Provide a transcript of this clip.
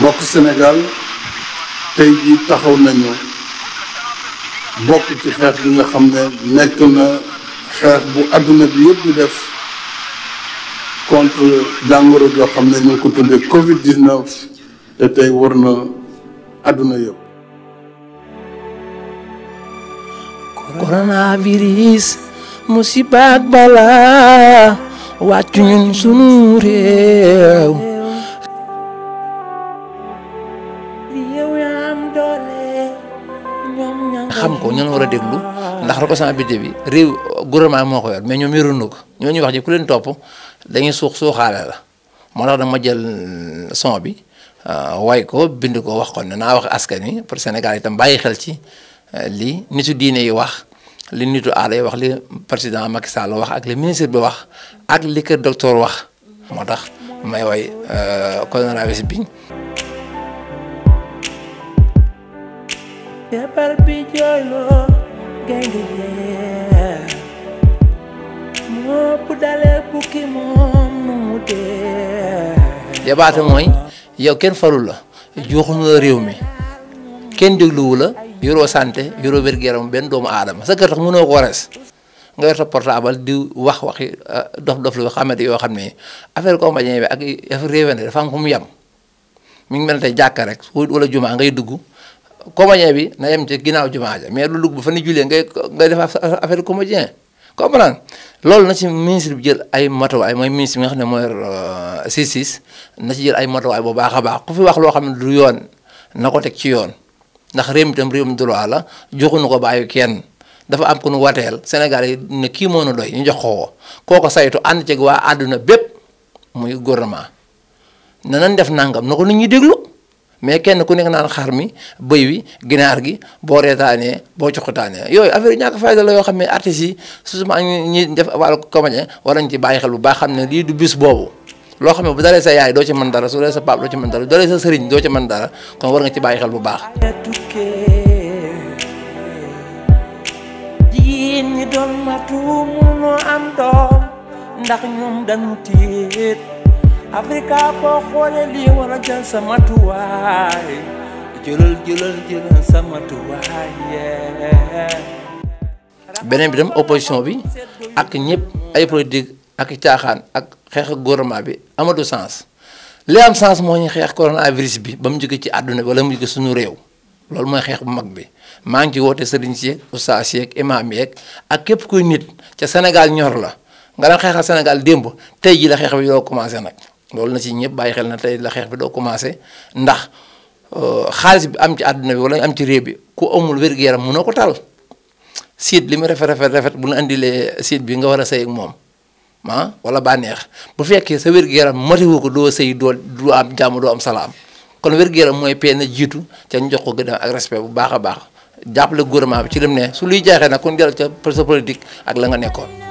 mbokk Sénégal tey jii taxaw nañu bokk ci xeex bi nga xam ne nekk na xeex bu àdduna bi yëpp di def contre jàngoro joo xam ne ñu ngi ko tuddee Covid 19 tey war na àdduna yëpp. coronavirus musiba balaa wàccu ñun sunu réew. xam ko ñan war a déglu ndax recensement budget bi réew gouvernement moo ko yor mais ñoom yoruñu ko ñooñu wax ji ku leen topp dañuy suux suuxaale la moo tax dama jël son bi euh, way ko bind ko wax ko naa wax askan wi pour Sénégal tam bàyyi xel ci euh, li nitu diine yi wax li nitu aada yi wax li président Macky Sall wax ak li ministre bi wax ak li kër docteur wax moo tax may way euh, coronavirus bi feebar yabaate mooy yow kenn falu la juuxu nga réew mi kenn dégluwu la yoroo santé yoroo wér-gu-yaram benn doomu aadama sa kër tax mënoo ko res nga yor sa di wax waxi euh, dof dof lu xamante yoo xam ne affaire compagnie bi ak affaire réewante dafa am fu mu yem mi ngi mel ne tey jàkka rek wala jumaa ngay dugg comédien bi na yem ci ginaaw jumaa ja mais lu dugg bu fa ni julé ngay ngay def affaire comédien comprendre lol na ci ministre bi jël ay ay moy ministre nga xamné moy euh, sisis na ci jël ay mato ay bo a baax ku fi wax lo xamné du yoon na tek ci yoon ndax réew tam réewum droit la joxu nuko bayu kenn dafa am ko nu watel senegal yi ne ki mo no doy ñu jox ko koko saytu and ci wa aduna bepp muy gouvernement nanan def nangam nako nit ñi deglu mais kenn ku nekk naan xar mi bëy wi ginaar gi boo reetaanee boo cuqutaanee yooyu affaire yi ñàkk fayda la yoo xam ne artistes yi surtout ñi def wàllu comédien war nañ ci bàyyi xel bu baax xam ne lii du bis boobu loo xam ne bu dalee sa yaay doo ci mën dara su dalee sa pap doo ci mën dara dalee sa sëriñ doo ci mën dara kon war nga ci bàyyi xel bu baax ñi doon matu am doom ndax ñoom dañu tiit Africa beneen bi tam opposition bi ak ñëpp ay politique ak caaxaan ak xeex ak bi amatu sens li am sens moo ñu xeex coronavirus bi ba mu jóge ci àdduna bi wala mu jóge suñu réew loolu mooy xeex bu mag bi maa ngi ci woote sëriñ si yeeg ustaas yeeg imaam yeeg ak képp kuy nit ca Sénégal ñor la nga daan xeexal Sénégal démb tey ji la xeex bi yoo commencé nag loolu na ci ñëpp bàyyi xel na tey la xeex bi doo commencé ndax euh, xaalis bi am ci àdduna bi wala am ci réew bi ku amul wér-gu-yaram mënoo ko taal siit li mu rafet rafet rafet bu nu indilee siit bi nga war a sëy ak moom ah wala bànneex bu fekkee sa wér-gu-yaram matiwu ko doo sëy doo du am jàmm doo am salaam kon wér-gu-yaram mooy pexe na jiitu ca ñu jox ko gën ak respect bu baax a baax jàppale gouvernement bi ci lim ne su luy jaaxee nag kon jël ca sa politique ak la nga nekkoon.